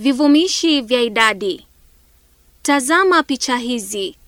Vivumishi vya idadi. Tazama picha hizi.